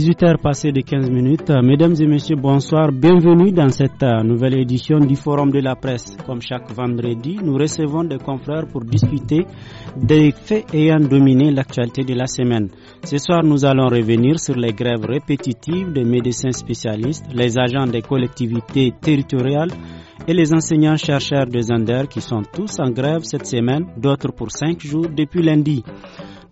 18h passées de 15 minutes. Mesdames et messieurs, bonsoir. Bienvenue dans cette euh, nouvelle édition du Forum de la presse. Comme chaque vendredi, nous recevons des confrères pour discuter des faits ayant dominé l'actualité de la semaine. Ce soir, nous allons revenir sur les grèves répétitives des médecins spécialistes, les agents des collectivités territoriales, et les enseignants-chercheurs de Zander qui sont tous en grève cette semaine, d'autres pour cinq jours depuis lundi.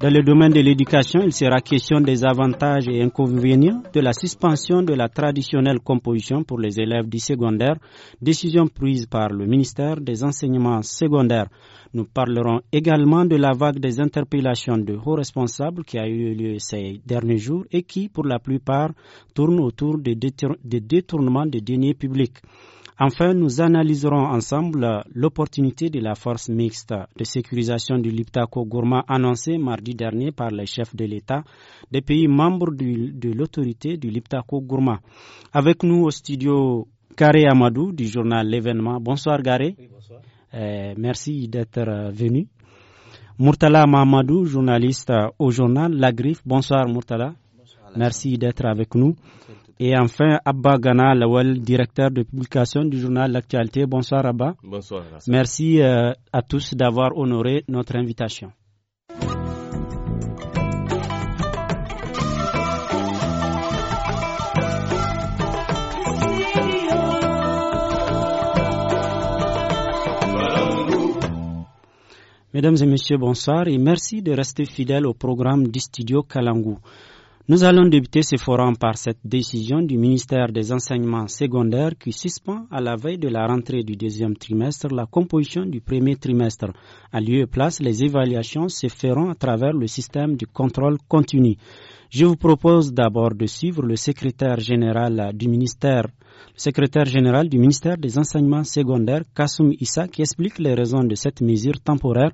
Dans le domaine de l'éducation, il sera question des avantages et inconvénients de la suspension de la traditionnelle composition pour les élèves du secondaire, décision prise par le ministère des enseignements secondaires. Nous parlerons également de la vague des interpellations de hauts responsables qui a eu lieu ces derniers jours et qui, pour la plupart, tourne autour des détournements de deniers publics. Enfin, nous analyserons ensemble l'opportunité de la force mixte de sécurisation du Liptako Gourma annoncée mardi dernier par les chefs de l'État des pays membres de l'autorité du Liptako Gourma. Avec nous au studio Garé Amadou du journal L'événement. Bonsoir Garé. bonsoir. Euh, merci d'être euh, venu. Murtala Mamadou, journaliste euh, au journal La Griffe. Bonsoir Murtala. merci d'être avec nous. Et enfin, Abba Gana Lawal, directeur de publication du journal L'Actualité. Bonsoir Abba. Bonsoir. Merci euh, à tous d'avoir honoré notre invitation. Mesdames et messieurs, bonsoir et merci de rester fidèles au programme du studio Kalangou. Nous allons débuter ce forum par cette décision du ministère des Enseignements secondaires qui suspend à la veille de la rentrée du deuxième trimestre la composition du premier trimestre. À lieu et place, les évaluations se feront à travers le système du contrôle continu. Je vous propose d'abord de suivre le secrétaire général du ministère, le secrétaire général du ministère des enseignements secondaires, Kassoum Issa, qui explique les raisons de cette mesure temporaire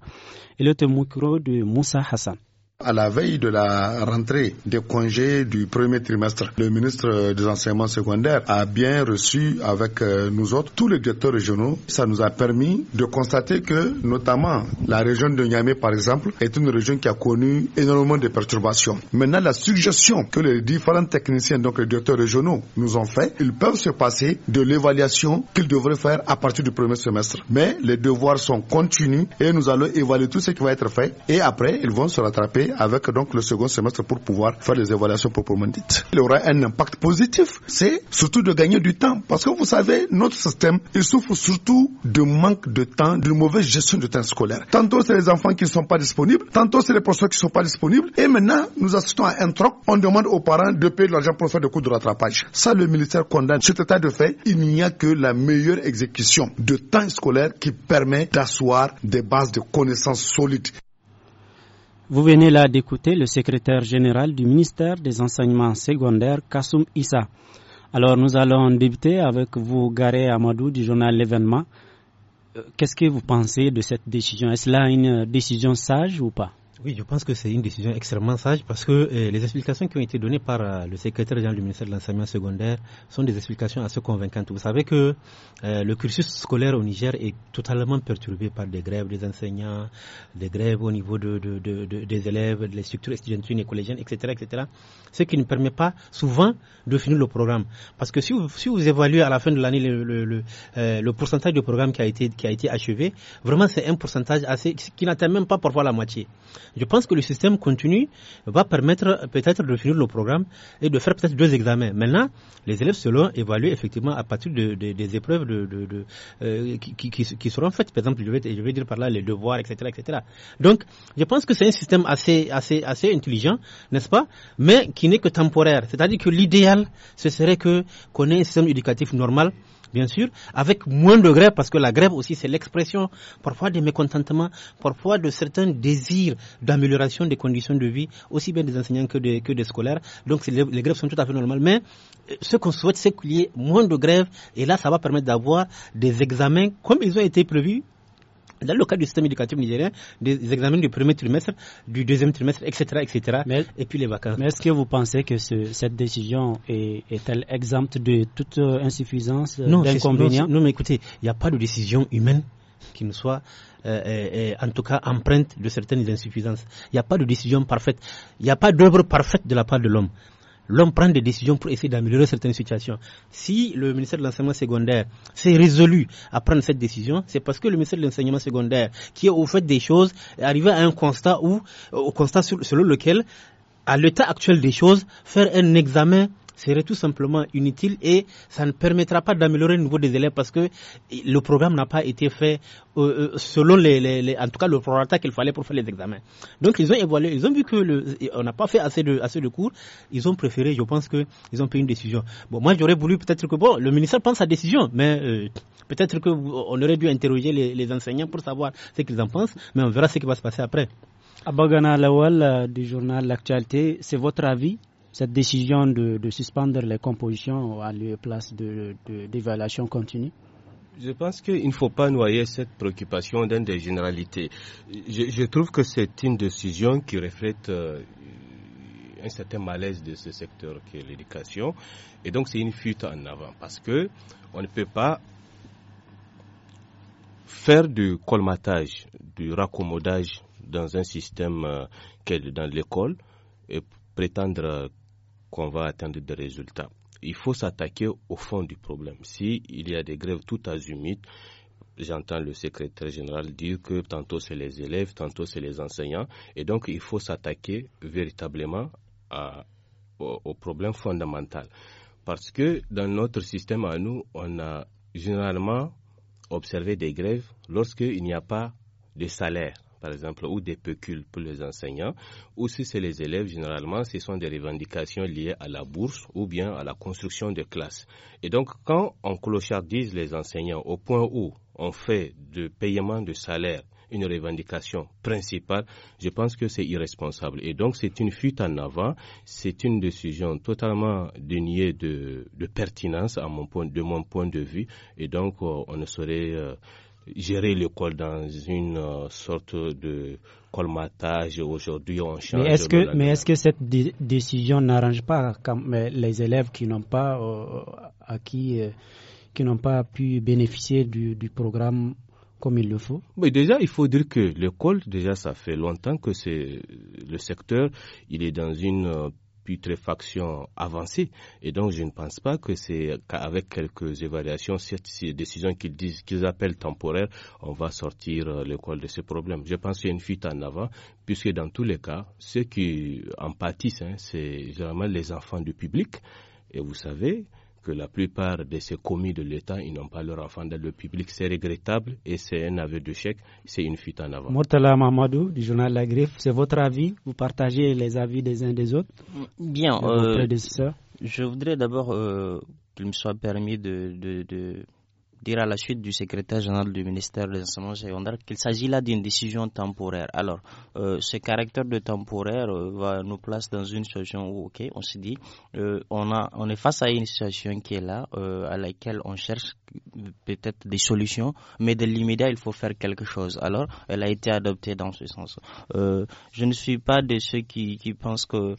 et le micro de Moussa Hassan à la veille de la rentrée des congés du premier trimestre. Le ministre des enseignements secondaires a bien reçu avec euh, nous autres tous les directeurs régionaux. Ça nous a permis de constater que notamment la région de Niamey par exemple est une région qui a connu énormément de perturbations. Maintenant la suggestion que les différents techniciens, donc les directeurs régionaux, nous ont fait, ils peuvent se passer de l'évaluation qu'ils devraient faire à partir du premier semestre. Mais les devoirs sont continus et nous allons évaluer tout ce qui va être fait et après ils vont se rattraper avec donc le second semestre pour pouvoir faire les évaluations proprement dites. Il y aura un impact positif, c'est surtout de gagner du temps. Parce que vous savez, notre système, il souffre surtout de manque de temps, de mauvaise gestion du temps scolaire. Tantôt, c'est les enfants qui ne sont pas disponibles, tantôt, c'est les professeurs qui ne sont pas disponibles. Et maintenant, nous assistons à un troc. On demande aux parents de payer de l'argent pour faire des cours de rattrapage. Ça, le ministère condamne cet état de fait. Il n'y a que la meilleure exécution de temps scolaire qui permet d'asseoir des bases de connaissances solides. Vous venez là d'écouter le secrétaire général du ministère des enseignements secondaires, Kassoum Issa. Alors nous allons débuter avec vous, Garé Amadou, du journal L'événement. Euh, qu'est-ce que vous pensez de cette décision Est-ce là une décision sage ou pas oui, je pense que c'est une décision extrêmement sage parce que euh, les explications qui ont été données par euh, le secrétaire général du ministère de l'enseignement secondaire sont des explications assez convaincantes. Vous savez que euh, le cursus scolaire au Niger est totalement perturbé par des grèves des enseignants, des grèves au niveau des élèves, des structures étudiantines et collégiennes, etc., etc. Ce qui ne permet pas souvent de finir le programme. Parce que si vous, évaluez à la fin de l'année le, pourcentage du programme qui a été, qui a été achevé, vraiment c'est un pourcentage assez, qui n'atteint même pas parfois la moitié. Je pense que le système continu va permettre peut-être de finir le programme et de faire peut-être deux examens. Maintenant, les élèves seront évalués effectivement à partir de, des épreuves euh, qui, qui, seront faites. Par exemple, je vais, je vais dire par là les devoirs, etc., etc. Donc, je pense que c'est un système assez, assez, assez intelligent, n'est-ce pas Mais qui n'est que temporaire. C'est-à-dire que l'idéal, ce serait que qu'on ait un système éducatif normal bien sûr, avec moins de grève, parce que la grève aussi, c'est l'expression parfois des mécontentements, parfois de certains désirs d'amélioration des conditions de vie, aussi bien des enseignants que des, que des scolaires. Donc, les, les grèves sont tout à fait normales. Mais euh, ce qu'on souhaite, c'est qu'il y ait moins de grèves, et là, ça va permettre d'avoir des examens comme ils ont été prévus dans le cadre du système éducatif nigérien, des examens du premier trimestre, du deuxième trimestre, etc., etc., et puis les vacances. Mais est-ce que vous pensez que cette décision est-elle exempte de toute euh, insuffisance, euh, d'inconvénient non, mais écoutez, il n'y a pas de décision humaine qui ne soit euh, en tout cas empreinte de certaines insuffisances. Il n'y a pas de décision parfaite, il n'y a pas d'œuvre parfaite de la part de l'homme l'homme prend des décisions pour essayer d'améliorer certaines situations. Si le ministère de l'enseignement secondaire s'est résolu à prendre cette décision, c'est parce que le ministère de l'enseignement secondaire, qui est au fait des choses, est arrivé à un constat où, euh, au constat selon lequel, à l'état actuel des choses, faire un examen serait tout simplement inutile et ça ne permettra pas d'améliorer le niveau des élèves parce que le programme n'a pas été fait euh, euh, selon les, en tout cas le programme qu'il fallait pour faire les examens. Donc ils ont évalué, ils ont vu que on n'a pas fait assez de assez de cours, ils ont préféré, je pense que ils ont pris une décision. Bon, moi j'aurais voulu peut-être que bon, le ministère pense sa décision, mais euh, peut-être que on aurait dû interroger les, les enseignants pour savoir ce qu'ils en pensent, mais on verra ce qui va se passer après. Abagana Lawal du journal L'actualité, c'est votre avis cette décision de, suspendre les compositions à la place d'évaluation de, continue je pense qu'il ne faut pas noyer cette préoccupation dans des généralités. Je, trouve que c'est une décision qui reflète euh, un certain malaise de ce secteur qui est l'éducation. Et donc c'est une fuite en avant parce que on ne peut pas faire du colmatage, du raccommodage dans un système euh, est dans l'école et prétendre qu'on va atteindre des résultats. Il faut s'attaquer au fond du problème. Si il y a des grèves tout azimutes, j'entends le secrétaire général dire que tantôt c'est les élèves, tantôt c'est les enseignants, et donc il faut s'attaquer véritablement au, au problème fondamental. Parce que dans notre système à nous, on a généralement observé des grèves lorsqu'il n'y a pas de salaire par exemple, ou des pécules pour les enseignants, ou si c'est les élèves, généralement, ce sont des revendications liées à la bourse ou bien à la construction de classes. Et donc, quand on clochardise les enseignants au point où on fait de paiement de salaire une revendication principale, je pense que c'est irresponsable. Et donc, c'est une fuite en avant, c'est une décision totalement déniée de, pertinence à mon point, de mon point de vue. Et donc, euh, on ne saurait euh, gérer l'école dans une euh, sorte de colmatage. Aujourd'hui, on change. Mais est-ce que, est-ce que cette décision n'arrange pas les élèves qui n'ont pas acquis, euh, euh, qui n'ont pas pu bénéficier du, programme comme il le faut Mais déjà, il faut dire que l'école, déjà, ça fait longtemps que le secteur, il est dans une putréfaction avancée. Et donc, je ne pense pas que c'est qu'avec quelques évaluations, cette décisions qu'ils disent, qu'ils appellent temporaire, on va sortir euh, l'école de ce problème. Je pense qu'il y a une fuite en avant, puisque dans tous les cas, ceux qui en pâtissent, hein, c'est généralement les enfants du public. Et vous savez, que la plupart de ces commis de l'État, ils n'ont pas leur enfant dans le public. C'est regrettable et c'est un aveu chèque. c'est une fuite en avant. Mortala Mamadou, du journal La Griffe, c'est votre avis Vous partagez les avis des uns des autres Bien. Euh, je voudrais d'abord euh, qu'il me soit permis de dire à la suite du secrétaire général du ministère des enseignements secondaires qu'il s'agit là d'une décision temporaire. Alors, euh, ce caractère de temporaire euh, va nous place dans une situation où, ok, on se dit, euh, on, a, on est face à une situation qui est là, à laquelle on cherche peut-être des solutions, mais de l'immédiat, il faut faire quelque chose. Alors, elle a été adoptée dans ce sens. je ne suis pas de ceux qui, qui pensent que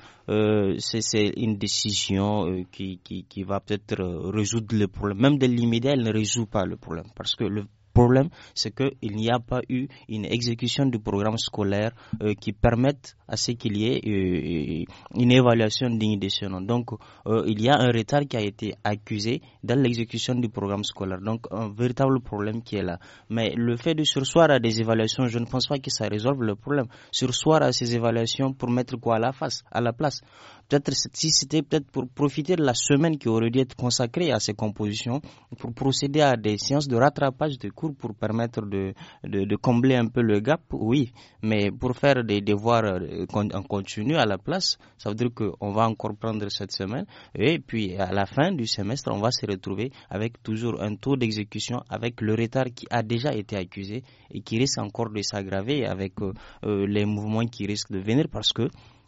c'est une décision qui, qui, qui va peut-être résoudre le problème. Même de l'immédiat, elle ne résout pas pas le problème. Parce que le problème, c'est qu'il n'y a pas eu une exécution du programme scolaire euh, qui permette à ce qu'il y ait euh, une évaluation digne de ce nom. Donc, euh, il y a un retard qui a été accusé dans l'exécution du programme scolaire. Donc, un véritable problème qui est là. Mais le fait de sursoir à des évaluations, je ne pense pas que ça résolve le problème. Sursoir à ces évaluations pour mettre quoi à la face, à la place Peut-être si c'était peut-être pour profiter de la semaine qui aurait dû être consacrée à ces compositions, pour procéder à des séances de rattrapage de cours pour permettre de, de, combler un peu le gap, oui. Mais pour faire des devoirs euh, en continu à la place, ça veut dire qu'on va encore prendre cette semaine. Et puis à la fin du semestre, on va se retrouver avec toujours un taux d'exécution, avec le retard qui a déjà été accusé et qui risque encore de s'aggraver avec euh, euh, les mouvements qui risquent de venir parce que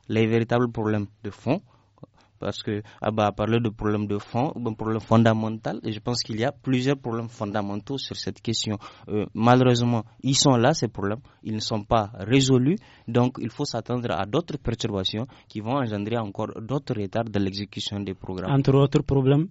les véritables problèmes de fond, parce que Abba ah a parlé de problèmes de fond, de problèmes fondamentaux, et je pense qu'il y a plusieurs problèmes fondamentaux sur cette question. Euh, malheureusement, ils sont là, ces problèmes, ils ne sont pas résolus, donc il faut s'attendre à d'autres perturbations qui vont engendrer encore d'autres retards de l'exécution des programmes. Entre autres problèmes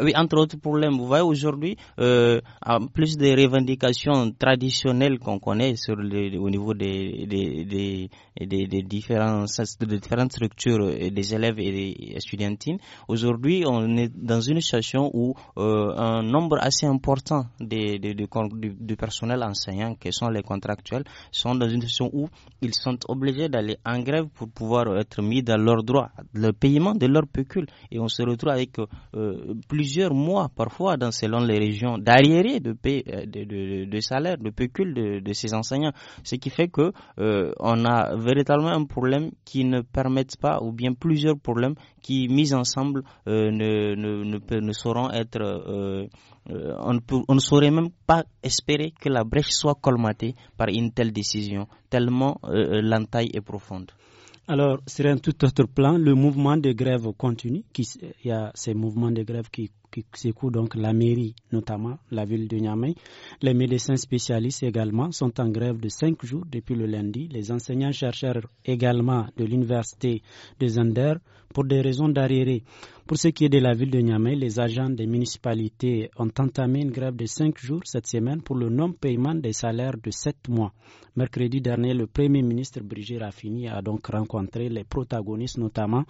oui, entre autres problèmes. Vous voyez, aujourd'hui, euh, en plus des revendications traditionnelles qu'on connaît sur au niveau des, des, différentes structures euh, des élèves et des étudiantines, aujourd'hui, on est dans une situation où euh, un nombre assez important de du, personnel enseignant, qui sont les contractuels, sont dans une situation où ils sont obligés d'aller en grève pour pouvoir être mis dans leurs droits, le paiement de leur pécule. Et on se retrouve avec euh, plus plusieurs mois parfois dans selon les régions d'arriérés de, euh, de, de, salaire, de pécule de, ces enseignants. Ce qui fait que euh, on a véritablement un problème qui ne permet pas, ou bien plusieurs problèmes qui mis ensemble euh, ne, ne, sauront être on, ne saurait même pas espérer que la brèche soit colmatée par une telle décision, tellement l'entaille est profonde. Alors, sur un tout autre plan, le mouvement de grève continue. Il y a ces mouvements de grève qui qui secoue donc la mairie, notamment la ville de Niamey. Les médecins spécialistes également sont en grève de cinq jours depuis le lundi. Les enseignants-chercheurs également de l'université de Zender pour des raisons d'arriérés. Pour ce qui est de la ville de Niamey, les agents des municipalités ont entamé une grève de cinq jours cette semaine pour le non-paiement des salaires de sept mois. Mercredi dernier, le Premier ministre Brigitte Raffini a donc rencontré les protagonistes, notamment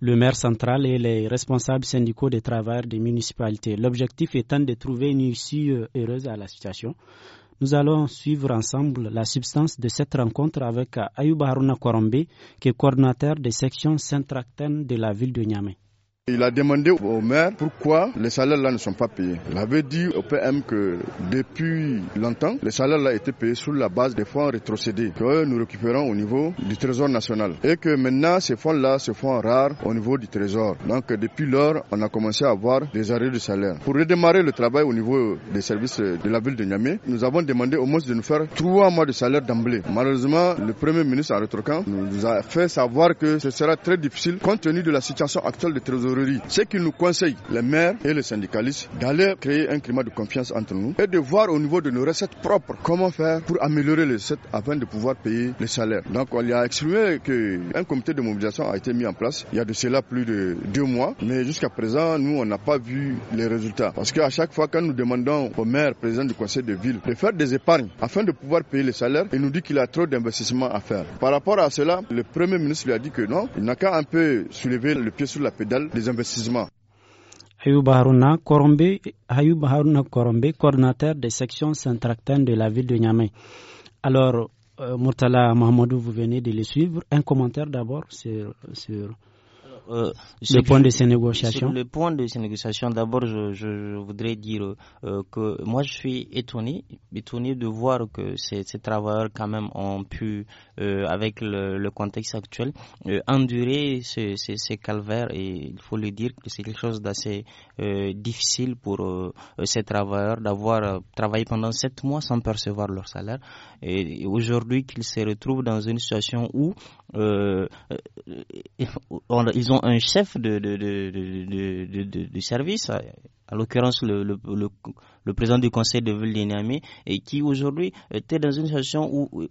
le maire central et les responsables syndicaux des travailleurs des l'objectif étant de trouver une issue euh, heureuse à la situation. Nous allons suivre ensemble la substance de cette rencontre avec euh, Ayouba Haruna qui est coordinateur des sections saint de la ville de Niamey. Il a demandé au maire pourquoi les salaires là ne sont pas payés. Il avait dit au PM que depuis longtemps, les salaires là étaient payés sur la base des fonds rétrocédés que nous récupérons au niveau du Trésor national et que maintenant ces fonds là se font rares au niveau du Trésor. Donc depuis lors, on a commencé à avoir des arrêts de salaire. Pour redémarrer le travail au niveau des services de la ville de Niamey, nous avons demandé au moins de nous faire trois mois de salaire d'emblée. Malheureusement, le premier ministre en rétrocamp nous a fait savoir que ce sera très difficile compte tenu de la situation actuelle du Trésor c'est Ce qui nous conseille, les maires et les syndicalistes, d'aller créer un climat de confiance entre nous et de voir au niveau de nos recettes propres comment faire pour améliorer les recettes afin de pouvoir payer les salaires. Donc, on y a exprimé qu'un comité de mobilisation a été mis en place. Il y a de cela plus de deux mois, mais jusqu'à présent, nous, on n'a pas vu les résultats. Parce qu'à chaque fois, quand nous demandons au maire, président du conseil de ville, de faire des épargnes afin de pouvoir payer les salaires, il nous dit qu'il a trop d'investissements à faire. Par rapport à cela, le premier ministre lui a dit que non, il n'a qu'à un peu soulever le pied sur la pédale des investissements. Ayouba Haruna Korombe, coordinateur des sections centractaines de la ville de Niamey. Alors, euh, Murtala Mahmoudou, vous venez de le suivre. Un commentaire d'abord sur euh, le point de ces négociations. Sur le point de ces négociations, d'abord, je, voudrais dire euh, que moi, je suis étonné, étonné de voir que ces, travailleurs, quand même, ont pu, euh, avec le, contexte actuel, endurer ces, calvaires. Et il faut le dire que c'est quelque chose d'assez difficile pour ces travailleurs d'avoir travaillé pendant sept mois sans percevoir leur salaire. et aujourd'hui, qu'ils se retrouvent dans une situation où euh, euh, ils ont un chef de, service, à, l'occurrence le, président du conseil de ville et qui aujourd'hui était dans une situation où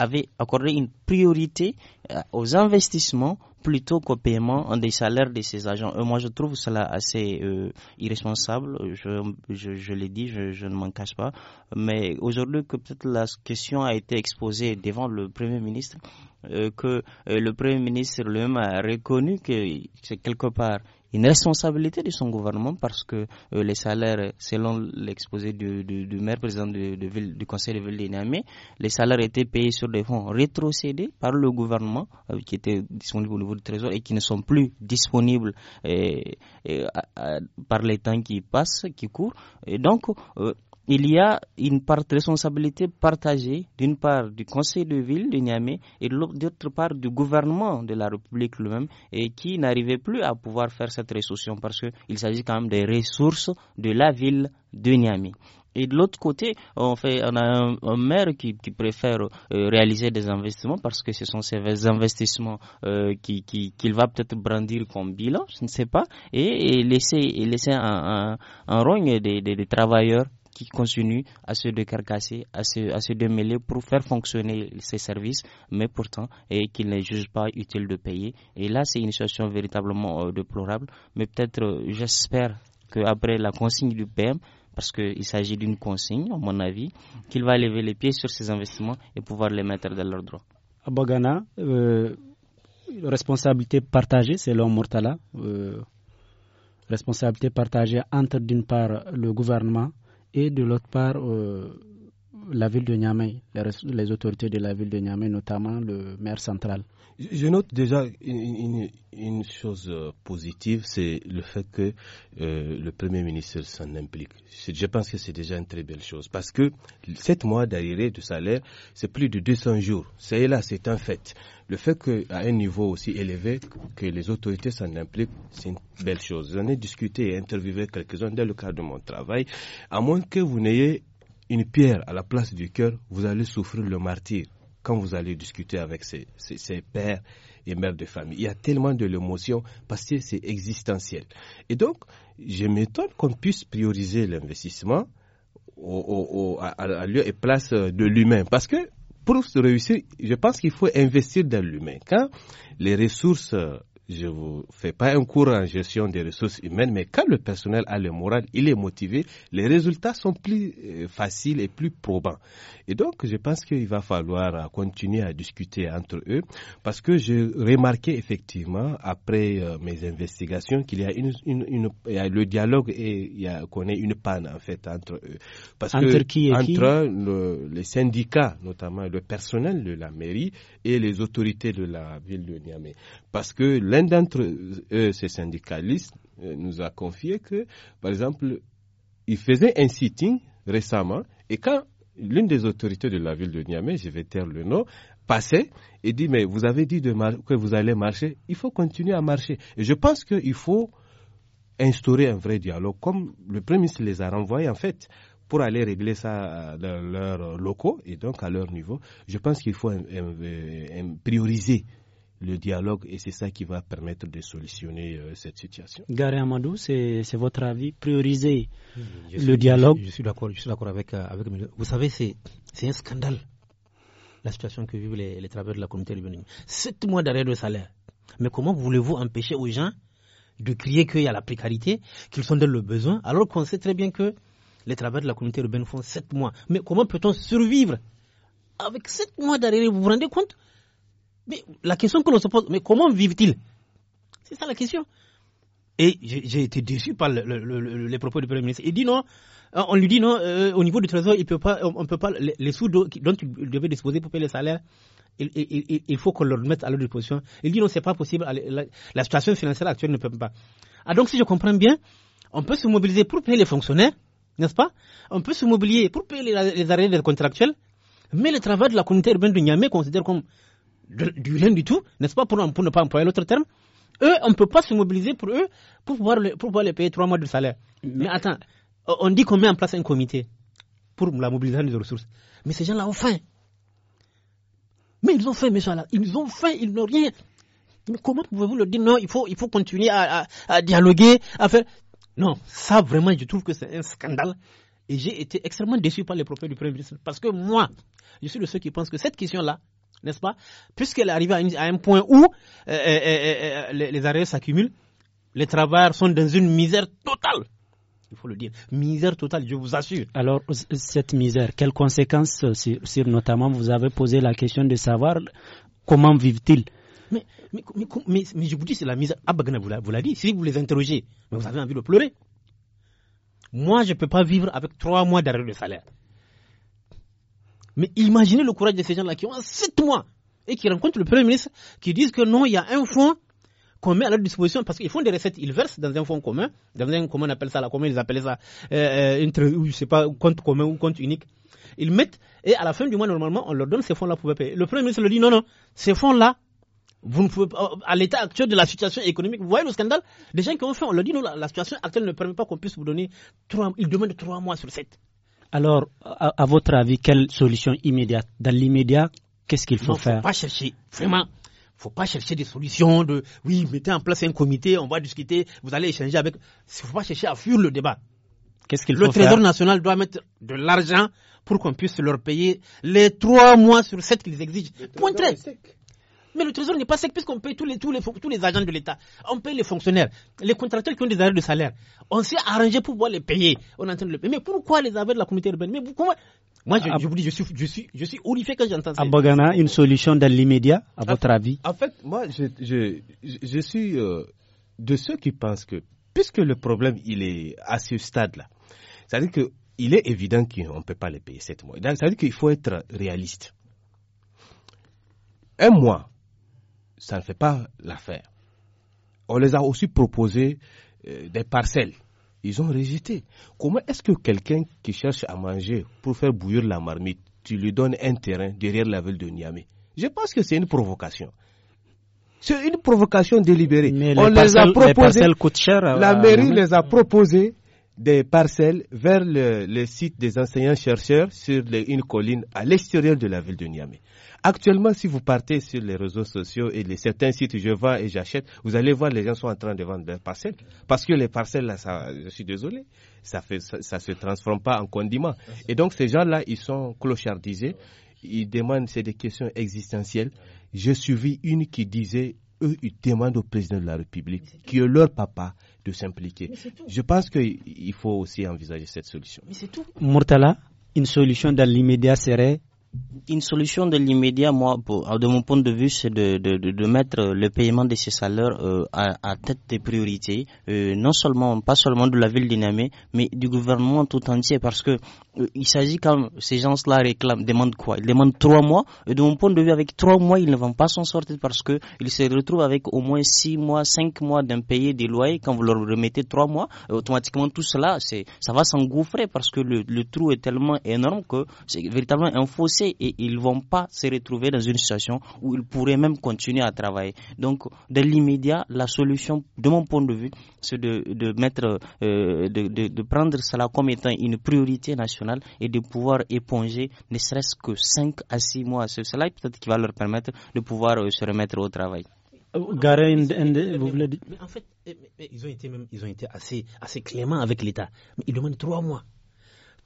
avait accordé une priorité euh, aux investissements plutôt qu'au paiement des salaires de ses agents. Euh, moi, je trouve cela assez euh, irresponsable. Je, l'ai dit, je, ne m'en cache pas. Mais aujourd'hui, que peut-être la question a été exposée devant le Premier ministre, que le Premier ministre lui-même a reconnu que c'est quelque part, une responsabilité de son gouvernement parce que euh, les salaires, selon l'exposé du, maire président de, du conseil de ville de les salaires étaient payés sur des fonds rétrocédés par le gouvernement euh, qui était disponible au niveau du trésor et qui ne sont plus disponibles euh, par les temps qui passent, qui courent. Et donc, il y a une part de responsabilité partagée, d'une part du conseil de ville de Niamey et d'autre part du gouvernement de la République lui-même, et qui n'arrivait plus à pouvoir faire cette résolution parce qu'il s'agit quand même des ressources de la ville de Niamey. Et de l'autre côté, on, fait, a un, maire qui, préfère euh, réaliser des investissements parce que ce sont ces investissements euh, qu'il va peut-être brandir comme bilan, je ne sais pas, et, laisser, laisser un, rogne des travailleurs qui continue à se décarcasser, à se, démêler pour faire fonctionner ces services, mais pourtant, et qu'il ne juge pas utile de payer. Et là, c'est une situation véritablement euh, déplorable, mais peut-être, euh, j'espère qu'après la consigne du PM, parce qu'il s'agit d'une consigne, à mon avis, qu'il va lever les pieds sur ces investissements et pouvoir les mettre dans leurs droits. À Bogana, euh, responsabilité partagée, c'est l'homme Mortala, responsabilité partagée entre d'une part le gouvernement et de l'autre part, euh, la ville de Niamey, les, autorités de la ville de Niamey, notamment le maire central. Je note déjà une, chose euh, positive, c'est le fait que euh, le Premier ministre s'en implique. Je pense que c'est déjà une très belle chose parce que sept mois d'arrivée de salaire, c'est plus de 200 jours. C'est là, c'est un fait. Le fait qu'à un niveau aussi élevé, que les autorités s'en impliquent, c'est une belle chose. J'en ai discuté et interviewé quelques-uns dans le cadre de mon travail, à moins que vous n'ayez une pierre à la place du cœur, vous allez souffrir le martyr quand vous allez discuter avec ses, pères et mères de famille. Il y a tellement de l'émotion parce que c'est existentiel. Et donc, je m'étonne qu'on puisse prioriser l'investissement au, au, à, à lieu et place de l'humain. Parce que pour se réussir, je pense qu'il faut investir dans l'humain. Quand les ressources je vous fais pas un cours en gestion des ressources humaines, mais quand le personnel a le moral, il est motivé, les résultats sont plus euh, faciles et plus probants. Et donc, je pense qu'il va falloir euh, continuer à discuter entre eux, parce que j'ai remarqué effectivement, après euh, mes investigations, qu'il y a une, une, y a le dialogue et il a, qu'on une panne, en fait, entre eux. Parce entre que, qui et entre les syndicats, notamment le personnel de la mairie et les autorités de la ville de Niamey. Parce que l'un d'entre eux, euh, ces syndicalistes, euh, nous a confié que, par exemple, il faisait un sitting récemment et quand l'une des autorités de la ville de Niamey, je vais taire le nom, passait et dit mais vous avez dit de que vous allez marcher, il faut continuer à marcher. Et je pense qu'il faut instaurer un vrai dialogue, comme le Premier ministre les a renvoyés en fait pour aller régler ça dans leurs locaux et donc à leur niveau. Je pense qu'il faut prioriser le dialogue et c'est ça qui va permettre de solutionner euh, cette situation. Garé Amadou, c'est votre avis Prioriser hmm, le dialogue Je, je suis d'accord avec, euh, avec. Vous savez, c'est un scandale la situation que vivent les, les travailleurs de la communauté urbaine. Sept mois d'arrêt de salaire. Mais comment voulez-vous empêcher aux gens de crier qu'il y a la précarité, qu'ils sont dans le besoin, alors qu'on sait très bien que les travailleurs de la communauté urbaine font sept mois. Mais comment peut-on survivre avec sept mois d'arrêt Vous vous rendez compte mais la question que l'on se pose, mais comment vivent-ils C'est ça la question. Et j'ai été déçu par les propos du Premier ministre. Il dit non, euh, on lui dit non, euh, au niveau du trésor, il on ne peut pas, les, sous dont il devait disposer pour payer les salaires, il, faut qu'on le remette à leur disposition. Il dit non, ce n'est pas possible, la, situation financière actuelle ne peut pas. Ah donc si je comprends bien, on peut se mobiliser pour payer les fonctionnaires, n'est-ce pas On peut se mobiliser pour payer les, arrêts arrêts contractuels, mais le travail de la communauté urbaine de Niamey considère comme du rien du tout, n'est-ce pas, pour, ne pas employer l'autre terme, eux, on ne peut pas se mobiliser pour eux pour pouvoir, les, les payer trois mois de salaire. Mais attends, on dit qu'on met en place un comité pour la mobilisation des ressources. Mais ces gens-là ont faim. Mais ils ont faim, messieurs là. Ils ont faim, ils n'ont rien. Mais comment pouvez-vous leur dire non, il faut, il faut continuer à, dialoguer, à faire. Non, ça vraiment, je trouve que c'est un scandale. Et j'ai été extrêmement déçu par les propos du Premier ministre. Parce que moi, je suis de ceux qui pensent que cette question-là, n'est-ce pas Puisqu'elle arrive à, un point où euh, euh, euh, les, arrêts s'accumulent, les travailleurs sont dans une misère totale. Il faut le dire. Misère totale, je vous assure. Alors, cette misère, quelles conséquences sur, notamment, vous avez posé la question de savoir comment vivent-ils mais, mais, je vous dis, c'est la misère. Abagana ah, vous l'a, vous l'a dit. Si vous les interrogez, mais vous avez envie de pleurer. Moi, je ne peux pas vivre avec trois mois d'arrêt de salaire. Mais imaginez le courage de ces gens-là qui ont 7 mois et qui rencontrent le Premier ministre, qui disent que non, il y a un fonds qu'on met à leur disposition parce qu'ils font des recettes, ils versent dans un fonds commun, dans un, comment on appelle ça, là, comment ils appellent ça, euh, euh sais pas, compte commun ou compte unique. Ils mettent, et à la fin du mois, normalement, on leur donne ces fonds-là pour payer. Le Premier ministre leur dit non, non, ces fonds-là, vous ne pouvez pas, à l'état actuel de la situation économique, vous voyez le scandale, Des gens qui ont fait, on leur dit non, la, situation actuelle ne permet pas qu'on puisse vous donner trois, ils demandent trois mois sur sept. Alors, à, votre avis, quelle solution immédiate Dans l'immédiat, qu'est-ce qu'il faut faire Il ne faut pas chercher, vraiment. Il ne faut pas chercher des solutions de oui, mettez en place un comité, on va discuter, vous allez échanger avec. Il ne faut pas chercher à fuir le débat. Qu'est-ce qu'il faut faire Le Trésor national doit mettre de l'argent pour qu'on puisse leur payer les trois mois sur sept qu'ils exigent. Point très. Mais le trésor n'est pas sec puisqu'on paye tous les, tous les, tous les agents de l'État. On paye les fonctionnaires, les contracteurs qui ont des arrêts de salaire. On s'est arrangé pour pouvoir les payer. On Mais pourquoi les arrêts de la communauté urbaine Mais Moi, je, vous dis, je suis, je suis, je suis horrifié quand j'entends ça. Abogana, une solution dans l'immédiat, à, votre avis En fait, moi, je, je, je suis euh, de ceux qui pensent que, puisque le problème, il est à ce stade-là, c'est-à-dire qu'il est évident qu'on ne peut pas les payer sept mois. C'est-à-dire qu'il faut être réaliste. Un mois, ça ne fait pas l'affaire. On les a aussi proposé euh, des parcelles. Ils ont rejeté. Comment est-ce que quelqu'un qui cherche à manger pour faire bouillir la marmite, tu lui donnes un terrain derrière la ville de Niamey Je pense que c'est une provocation. C'est une provocation délibérée. On les, a proposé, La mairie les a proposé des parcelles vers le, site des enseignants-chercheurs sur une colline à l'extérieur de la ville de Niamey. Actuellement, si vous partez sur les réseaux sociaux et les, certains sites, je vends et j'achète, vous allez voir les gens sont en train de vendre leurs parcelles. Parce que les parcelles, là, ça, je suis désolé, ça ne ça, se transforme pas en condiment. Et donc, ces gens-là, ils sont clochardisés. Ils demandent, c'est des questions existentielles. J'ai suivi une qui disait eux, ils demandent au président de la République, qui est leur papa, de s'impliquer. Je pense qu'il faut aussi envisager cette solution. Mais c'est tout. Murtala, une solution dans l'immédiat serait une solution de l'immédiat, moi, de mon point de vue, c'est de, de, mettre le paiement de ces salaires euh, à, tête des priorités, euh, non seulement, pas seulement de la ville d'Inamé, mais du gouvernement tout entier, parce que euh, il s'agit quand ces gens-là réclament, demandent quoi Ils demandent trois mois, et de mon point de vue, avec trois mois, ils ne vont pas s'en sortir parce que se retrouvent avec au moins six mois, cinq mois d'impayés des loyers. Quand vous leur remettez trois mois, automatiquement tout cela, c'est, ça va s'engouffrer parce que le, le, trou est tellement énorme que c'est véritablement un fossé et ils ne vont pas se retrouver dans une situation où ils pourraient même continuer à travailler. Donc, de l'immédiat, la solution, de mon point de vue, c'est de, de, mettre, euh, de, prendre cela comme étant une priorité nationale et de pouvoir éponger ne serait-ce que 5 à 6 mois sur cela, peut-être qui va leur permettre de pouvoir euh, se remettre au travail. En fait, ils ont été, assez, cléments avec l'État. ils demandent 3 mois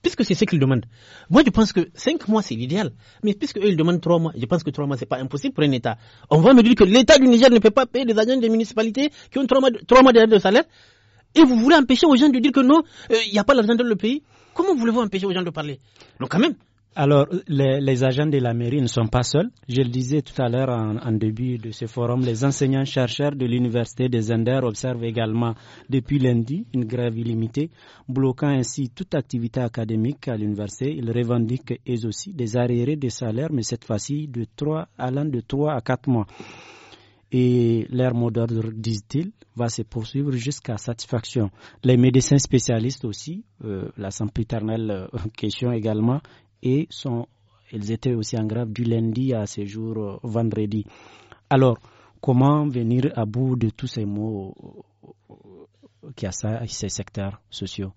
puisque c'est ce qu'ils demandent. Moi, je pense que cinq mois, c'est l'idéal. Mais puisque eux, ils demandent trois mois, je pense que trois mois, c'est pas impossible pour un État. On va me dire que l'État du Niger ne peut pas payer des agents des municipalités qui ont trois mois, derrière de salaire. Et vous voulez empêcher aux gens de dire que non, euh, il n'y a pas l'argent dans le pays. Comment voulez-vous empêcher aux gens de parler Donc, quand même, alors, les, agents de la mairie ne sont pas seuls. Je le disais tout à l'heure en, début de ce forum, les enseignants-chercheurs de l'Université des Zender observent également depuis lundi une grève illimitée, bloquant ainsi toute activité académique à l'université. Ils revendiquent eux aussi des arriérés de salaire, mais cette fois-ci de trois allant de trois à quatre mois. Et leur mot d'ordre, disent-ils, va se poursuivre jusqu'à satisfaction. Les médecins spécialistes aussi, euh, la en euh, question également, et sont, elles étaient aussi en grève du lundi à ce jour euh, vendredi. Alors, comment venir à bout de tous ces mots euh, qui a ces secteurs sociaux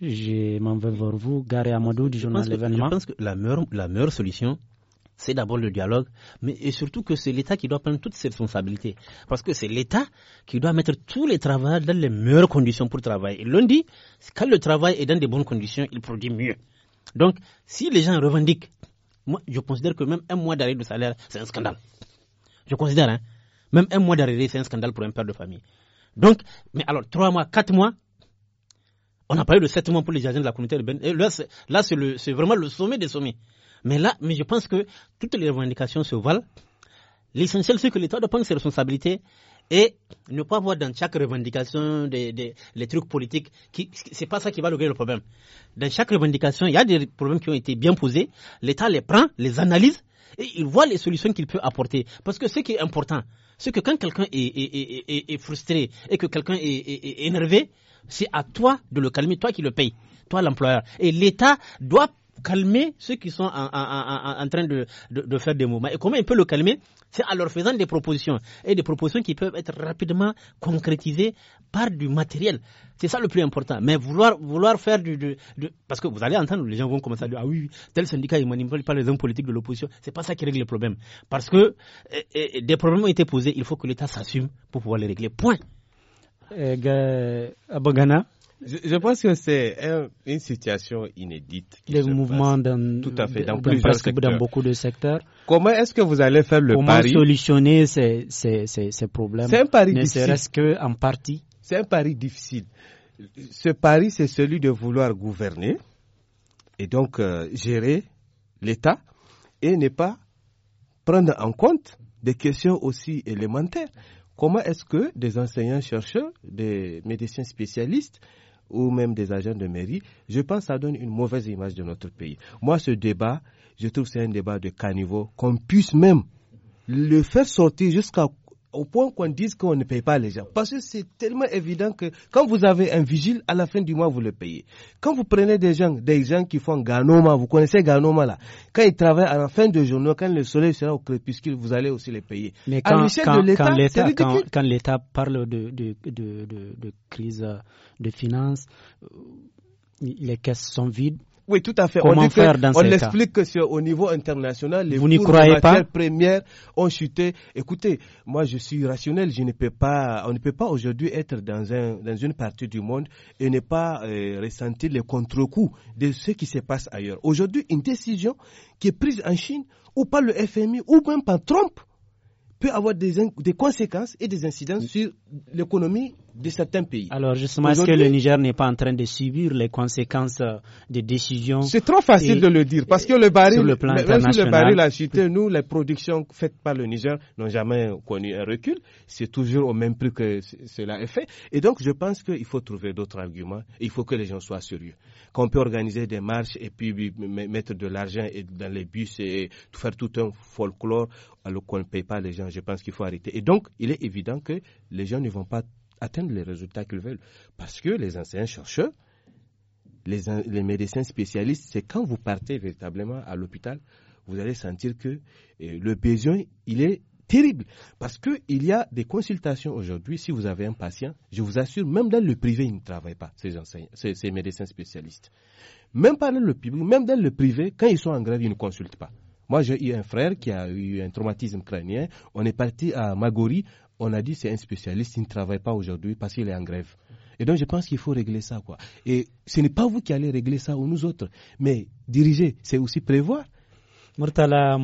Je m'en vais vers vous, Gary Amadou du journal L'événement. Je pense que la meilleure, solution, c'est d'abord le dialogue, mais et surtout que c'est l'État qui doit prendre toutes ses responsabilités. Parce que c'est l'État qui doit mettre tous les travailleurs dans les meilleures conditions pour travailler. Et lundi, quand le travail est dans de bonnes conditions, il produit mieux. Donc, si les gens revendiquent, moi, je considère que même un mois d'arrêt de salaire, c'est un scandale. Je considère, hein, même un mois d'arrêt, c'est un scandale pour un père de famille. Donc, mais alors, trois mois, quatre mois, on a parlé de sept mois pour les agents de la communauté urbaine. là, c'est vraiment le sommet des sommets. Mais là, mais je pense que toutes les revendications se valent. L'essentiel, c'est que l'État doit prendre ses responsabilités et ne pas voir dans chaque revendication des, les trucs politiques. Qui, c'est pas ça qui va régler le problème. Dans chaque revendication, il y a des problèmes qui ont été bien posés. L'État les prend, les analyse et il voit les solutions qu'il peut apporter. Parce que ce qui est important, c'est que quand quelqu'un est, est, frustré et que quelqu'un est énervé, c'est à toi de le calmer, toi qui le payes, toi l'employeur. Et l'État doit calmer ceux qui sont en, en, en, en train de, de, faire des mouvements. Et comment il peut le calmer C'est en leur faisant des propositions. Et des propositions qui peuvent être rapidement concrétisées par du matériel. C'est ça le plus important. Mais vouloir, vouloir faire du, Parce que vous allez entendre, les gens vont commencer à dire Ah oui, tel syndicat, il manipule pas les hommes politiques de l'opposition. C'est pas ça qui règle le problème. Parce que eh, eh, eh, des problèmes ont été posés. Il faut que l'État s'assume pour pouvoir les régler. Point. Abogana je, pense que c'est une situation inédite. Les mouvements dans, Tout à dans, plusieurs beaucoup de secteurs. Comment est-ce que vous allez faire le pari solutionner ces, problèmes C'est un pari difficile. serait-ce qu'en partie C'est un pari difficile. Ce pari, c'est celui de vouloir gouverner et donc euh, gérer l'État et ne pas prendre en compte des questions aussi élémentaires. Comment est-ce que des enseignants-chercheurs, des médecins spécialistes, ou même des agents de mairie, je pense que ça donne une mauvaise image de notre pays. Moi, ce débat, je trouve que c'est un débat de caniveau, qu'on puisse même le faire sortir jusqu'à au point qu'on dise qu'on ne paye pas les gens. Parce que c'est tellement évident que quand vous avez un vigile, à la fin du mois, vous le payez. Quand vous prenez des gens, des gens qui font Ganoma, vous connaissez Ganoma là, quand ils travaillent à la fin de journée, quand le soleil sera au crépuscule, vous allez aussi les payer. Mais quand, quand l'État quand, parle de, de, de, crise de finances, les caisses sont vides. Oui, tout à fait. on l'explique que, que c'est au niveau international, les Vous cours croyez de matières pas premières ont chuté. Écoutez, moi je suis rationnel, je ne peux pas, on ne peut pas aujourd'hui être dans, un, dans une partie du monde et ne pas euh, ressentir les contre-coups de ce qui se passe ailleurs. Aujourd'hui, une décision qui est prise en Chine ou par le FMI ou même par Trump peut avoir des, des conséquences et des incidences sur l'économie de certains pays. Alors justement, est-ce que le Niger n'est pas en train de subir les conséquences euh, des décisions C'est trop facile de le dire parce que le baril, le plan le baril la nous, les productions faites par le Niger n'ont jamais connu un recul. C'est toujours au même prix que cela est fait. Et donc, je pense qu'il faut trouver d'autres arguments. Il faut que les gens soient sérieux. Qu'on peut organiser des marches et puis mettre de l'argent dans les bus et faire tout un folklore alors qu'on ne paye pas les gens. Je pense qu'il faut arrêter. Et donc, il est évident que les gens ne vont pas atteindre les résultats qu'ils veulent. Parce que les anciens chercheurs les, médecins spécialistes, c'est quand vous partez véritablement à l'hôpital, vous allez sentir que euh, le besoin, il est terrible. Parce qu'il y a des consultations aujourd'hui, si vous avez un patient, je vous assure, même dans le privé, ils ne travaillent pas, ces, ces, médecins spécialistes. Même dans le public, même dans le privé, quand ils sont en grève, ils ne consultent pas. Moi, j'ai eu un frère qui a eu un traumatisme crânien. On est parti à Magori on a dit c'est un spécialiste, il ne travaille pas aujourd'hui parce qu'il est en grève. Et donc je pense qu'il faut régler ça. Quoi. Et ce n'est pas vous qui allez régler ça ou nous autres, mais diriger, c'est aussi prévoir. Murtala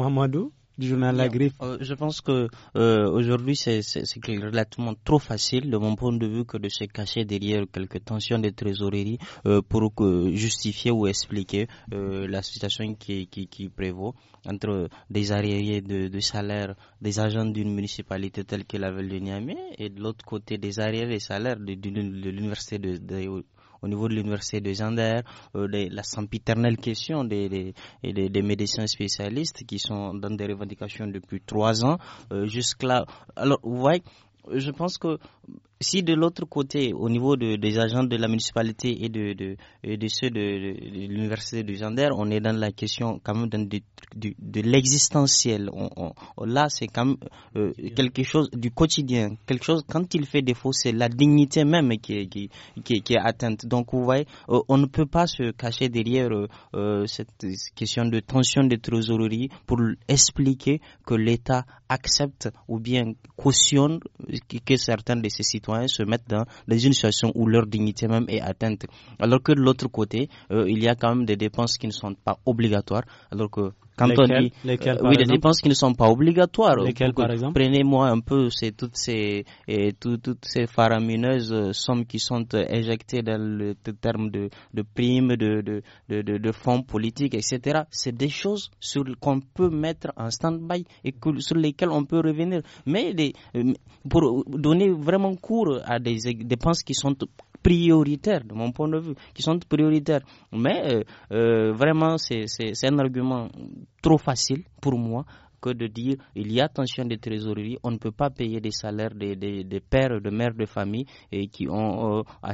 euh, je pense que euh, aujourd'hui c'est relativement trop facile de mon point de vue que de se cacher derrière quelques tensions de trésorerie euh, pour justifier ou expliquer la situation qui, prévaut entre des arriérés de, salaire des agents d'une municipalité telle que la ville de Niamey et de l'autre côté des arriérés de salaire de, l'université de au niveau de l'université de Zander, euh, la sempiternelle question des, des, médecins spécialistes qui sont dans des revendications depuis trois ans euh, là Alors, vous voyez, je pense que si de l'autre côté, au niveau des agents de la municipalité et de, ceux de, l'université du Gendarme, on est dans la question quand même de, l'existentiel. là, c'est quand même euh, quelque chose du quotidien. Quelque chose, quand il fait défaut, c'est la dignité même qui est, atteinte. Donc, vous voyez, euh, on ne peut pas se cacher derrière euh, cette question de tension de trésorerie pour expliquer que l'État accepte ou bien cautionne que certains de ses citoyens se mettent dans, des situations où leur dignité même est atteinte. Alors que de l'autre côté, euh, il y a quand même des dépenses qui ne sont pas obligatoires, alors que quand on dit, oui, des dépenses qui ne sont pas obligatoires. Prenez-moi un peu toutes ces toutes ces faramineuses euh, sommes qui sont éjectées euh, dans le terme de, primes, de, fonds politiques, etc. C'est des choses sur qu'on peut mettre en stand-by et sur lesquelles on peut revenir. Mais euh, pour donner vraiment cours à des dépenses qui sont prioritaires, de mon point de vue, qui sont prioritaires. Mais euh, euh, vraiment, c'est un argument trop facile pour moi que de dire il y a tension des trésoreries, on ne peut pas payer des salaires des, des, des pères, de mères de familles et qui ont euh, à,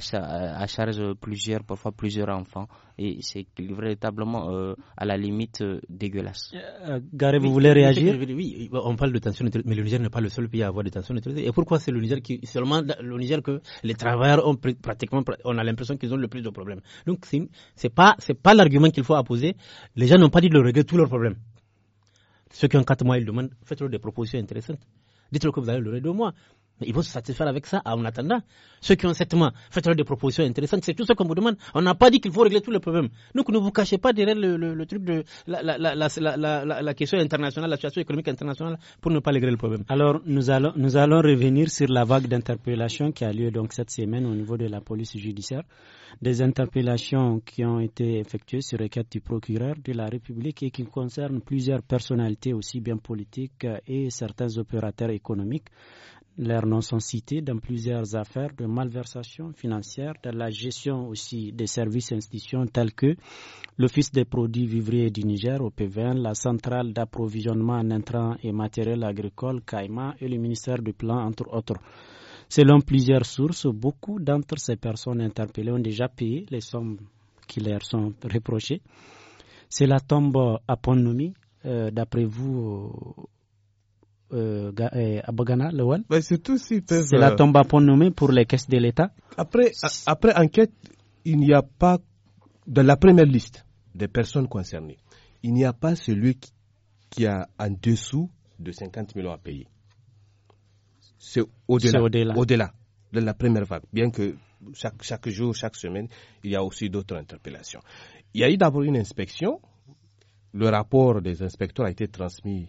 charge plusieurs, parfois plusieurs enfants. Et c'est véritablement euh, à la limite euh, dégueulasse. Garé, vous voulez réagir Oui, on parle de tension, mais le Niger n'est pas le seul pays à avoir des tensions de trésorerie. Et pourquoi c'est le Niger seulement le Niger que les travailleurs ont pratiquement, on a l'impression qu'ils ont le plus de problèmes. Donc c'est pas, pas l'argument qu'il faut apposer. Les gens n'ont pas dit de le régler tous leurs problèmes. Ceux qui ont quatre mois, ils demandent, faites-leur des propositions intéressantes. Dites-leur que vous allez le de moi. Mais ils vont se satisfaire avec ça en attendant. Ceux qui ont cette main, faites-leur des propositions intéressantes. C'est tout ce qu'on vous demande. On n'a pas dit qu'il faut régler tous les problèmes. Donc ne vous cachez pas derrière le, truc de la, la, question internationale, la situation économique internationale, pour ne pas régler le problème. Alors nous allons, nous allons revenir sur la vague d'interpellations qui a lieu donc cette semaine au niveau de la police judiciaire. Des interpellations qui ont été effectuées sur requête du procureur de la République et qui concernent plusieurs personnalités aussi bien politiques et certains opérateurs économiques. Leurs noms sont cités dans plusieurs affaires de malversation financière, dans la gestion aussi des services institutions tels que l'Office des produits vivriers du Niger, OPVN, la centrale d'approvisionnement en intrants et matériel agricole, CAIMA, et le ministère du Plan, entre autres. Selon plusieurs sources, beaucoup d'entre ces personnes interpellées ont déjà payé les sommes qui leur sont reprochées. Cela tombe à Ponomi. Euh, d'après vous, euh, euh Abagana, le one. C'est la euh, tombe à pont nommée pour les caisses de l'État. Après, après enquête, il n'y a pas, dans la première liste des personnes concernées, il n'y a pas celui qui, a en dessous de 50 millions à payer. C'est au-delà. Au-delà. de la première vague, bien que chaque, chaque jour, chaque semaine, il y a aussi d'autres interpellations. Il y a eu d'abord une inspection. Le rapport des inspecteurs a été transmis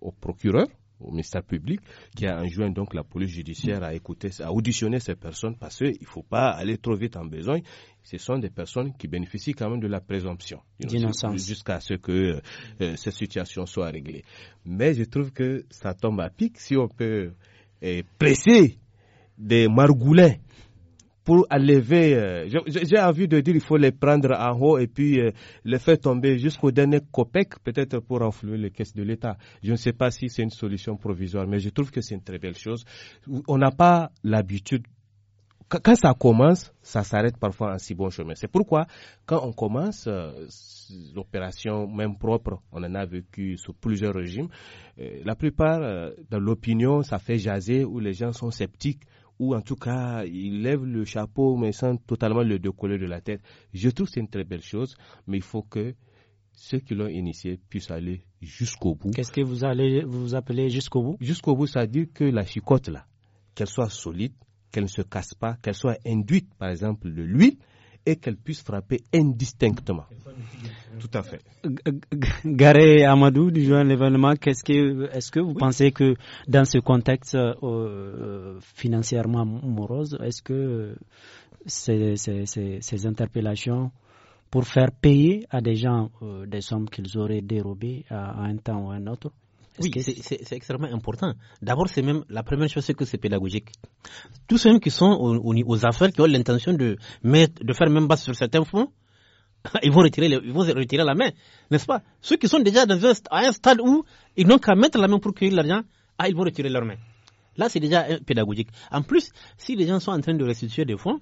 au, procureur, au ministère public, qui a enjoint donc la police judiciaire à écouter, à auditionner ces personnes parce qu'il ne faut pas aller trop vite en besoin. Ce sont des personnes qui bénéficient quand même de la présomption jusqu'à ce que euh, cette situation soit réglée. Mais je trouve que ça tombe à pic si on peut euh, presser des margoulins pour lever, euh, j'ai envie de dire, il faut les prendre en haut et puis euh, les faire tomber jusqu'au dernier copec, peut-être pour enflouer les caisses de l'État. Je ne sais pas si c'est une solution provisoire, mais je trouve que c'est une très belle chose. On n'a pas l'habitude quand ça commence, ça s'arrête parfois en si bon chemin. C'est pourquoi, quand on commence l'opération euh, même propre, on en a vécu sous plusieurs régimes, la plupart, euh, dans l'opinion, ça fait jaser où les gens sont sceptiques ou en tout cas, il lève le chapeau, mais sans totalement le décoller de la tête. Je trouve que c'est une très belle chose, mais il faut que ceux qui l'ont initié puissent aller jusqu'au bout. Qu'est-ce que vous allez vous appelez jusqu'au bout Jusqu'au bout, ça veut dire que la chicotte là, qu'elle soit solide, qu'elle ne se casse pas, qu'elle soit induite par exemple de l'huile, et qu'elle puisse frapper indistinctement. Tout à fait. Garé Amadou du joint l'événement, qu'est-ce que est-ce que vous pensez que dans ce contexte euh, euh, financièrement morose, est-ce que ces, interpellations pour faire payer à des gens euh, des sommes qu'ils auraient dérobées à, à un temps ou à un autre oui, c'est extrêmement important. D'abord, c'est même la première chose, c'est que c'est pédagogique. Tous ceux qui sont aux, affaires, qui ont l'intention de, mettre, de faire même base sur certains fonds, ils vont retirer, ils retirer la main, n'est-ce pas Ceux qui sont déjà dans un, à un stade où ils n'ont qu'à mettre la main pour cueillir l'argent, ah, ils vont retirer leur main. Là, c'est déjà euh, pédagogique. En plus, si les gens sont en train de restituer des fonds,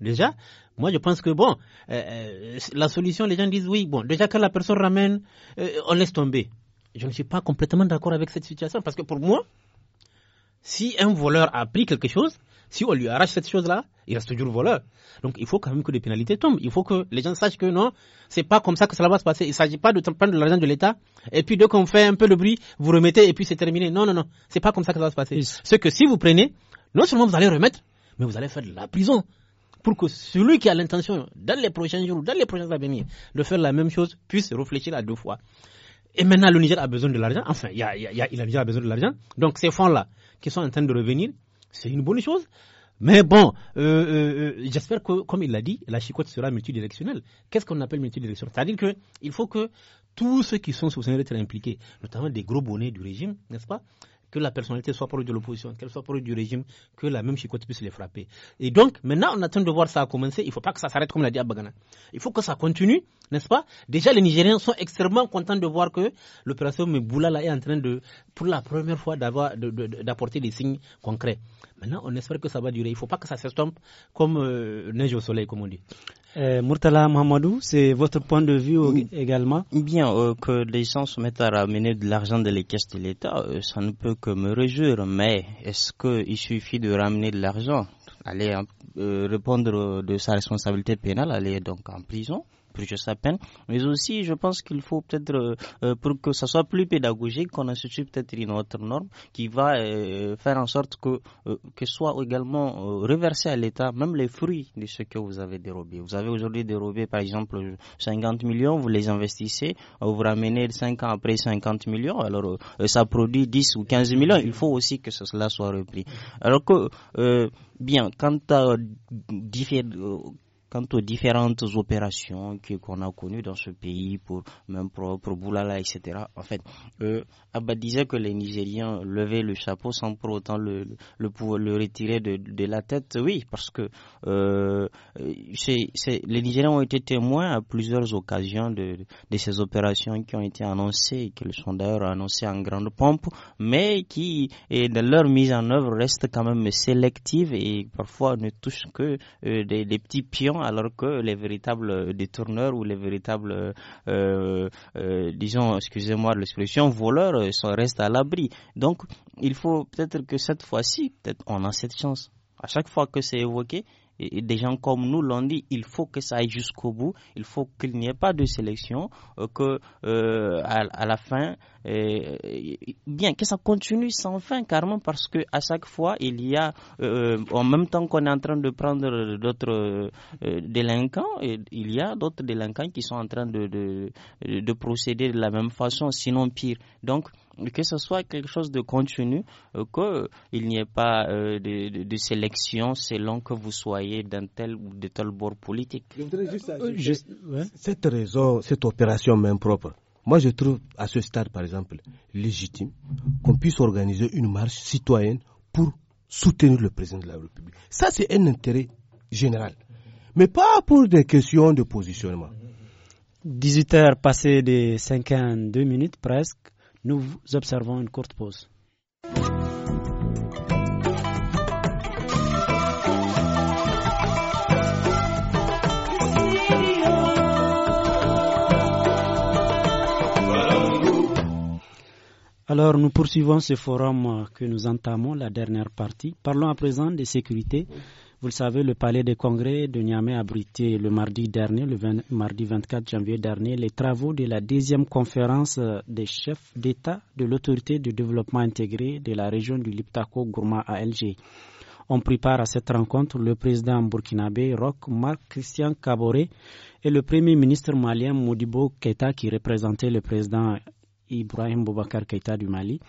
déjà, moi je pense que bon, euh, euh, la solution, les gens disent oui, bon, déjà quand la personne ramène, on laisse tomber je ne suis pas complètement d'accord avec cette situation parce que pour moi, si un voleur a pris quelque chose, si on lui arrache cette chose-là, il reste toujours voleur. Donc il faut quand même que les pénalités tombent. Il faut que les gens sachent que non, c'est pas comme ça que cela va se passer. Il ne s'agit pas de prendre de l'argent de l'État et puis dès qu'on fait un peu de bruit, vous remettez et puis c'est terminé. Non, non, non, c'est pas comme ça que ça va se passer. Ce que si vous prenez, non seulement vous allez remettre, mais vous allez faire de la prison pour que celui qui a l'intention dans les prochains jours, dans les prochains années, de faire la même chose puisse réfléchir à deux fois. Et maintenant, le Niger a besoin de l'argent. Enfin, il, a, déjà besoin de l'argent. Donc, ces fonds-là qui sont en train de revenir, c'est une bonne chose. Mais bon, euh, euh, euh, j'espère que, comme il l'a dit, la chicote sera multidirectionnelle. Qu'est-ce qu'on appelle multidirectionnelle C'est-à-dire qu'il faut que tous ceux qui sont sous impliqués, notamment des gros bonnets du régime, n'est-ce pas, que la personnalité soit proche de l'opposition, qu'elle soit proche du régime, que la même chicote puisse les frapper. Et donc, maintenant, on attend de voir ça commencer. Il ne faut pas que ça s'arrête, comme l'a dit Abagana. Il faut que ça continue, n'est-ce pas Déjà, les Nigériens sont extrêmement contents de voir que l'opération Meboula est en train de, pour la première fois, d'apporter des signes concrets. Maintenant, on espère que ça va durer. Il ne faut pas que ça s'estompe comme euh, neige au soleil, comme on dit. Euh, Murtala Mohamedou, c'est votre point de vue mm. également Bien, euh, que les gens se mettent à ramener de l'argent dans les caisses de l'État, ça ne peut que me réjouir. Mais est-ce qu'il suffit de ramener de l'argent Aller répondre de sa responsabilité pénale, aller donc en prison purger sa peine. Mais aussi, je pense qu'il faut peut-être, euh, euh, pour que ça soit plus pédagogique, qu'on institue peut-être une autre norme qui va euh, faire en sorte que, que soit également reversé à l'État même les fruits de ce que vous avez dérobé. Vous avez aujourd'hui dérobé, par exemple, 50 millions, vous les investissez, vous ramenez 5 ans après 50 millions, alors ça produit 10 ou 15 millions. Il faut aussi que cela soit repris. Alors que, bien, quant à différents quant aux différentes opérations qu'on a connues dans ce pays pour même propre, Boulala, etc. En fait, euh, Abba disait que les Nigériens levaient le chapeau sans pour autant le, le, retirer de, la tête. Oui, parce que euh, les Nigériens ont été témoins à plusieurs occasions de, ces opérations qui ont été annoncées et qui sont d'ailleurs annoncées en grande pompe, mais qui, et de leur mise en œuvre, restent quand même sélectives et parfois ne touchent que euh, des petits pions alors que les véritables euh, détourneurs ou les véritables, euh, euh, disons, excusez-moi l'expression, voleurs sont, restent à l'abri. Donc, il faut peut-être que cette fois-ci, peut-être on a cette chance. À chaque fois que c'est évoqué, et des gens comme nous l'ont dit, il faut que ça aille jusqu'au bout, il faut qu'il n'y ait pas de sélection, que à, la fin, euh, euh, bien que ça continue sans fin carrément parce que à chaque fois il y a euh, en même temps qu'on est en train de prendre d'autres délinquants il y a d'autres délinquants qui sont en train de, de, procéder de la même façon sinon pire donc que ce soit quelque chose de continu, qu'il n'y ait pas de, de, sélection selon que vous soyez d'un tel ou de tel bord politique. cette raison cette opération même propre, moi, je trouve à ce stade, par exemple, légitime qu'on puisse organiser une marche citoyenne pour soutenir le président de la République. Ça, c'est un intérêt général, mais pas pour des questions de positionnement. 18 heures passées de 52 minutes presque, nous observons une courte pause. Alors, nous poursuivons ce forum euh, que nous entamons, la dernière partie. Parlons à présent des sécurités. Vous le savez, le palais des congrès de Niamey a abrité le mardi dernier, le mardi 24 janvier dernier, les travaux de la deuxième conférence euh, des chefs d'État de l'autorité du développement intégré de la région du Liptako-Gourma alg On prépare à cette rencontre le président burkinabé Roch Marc Christian Kaboré et le premier ministre malien Modibo Keta qui représentait le président Ibrahim Boubacar Keïta du Mali.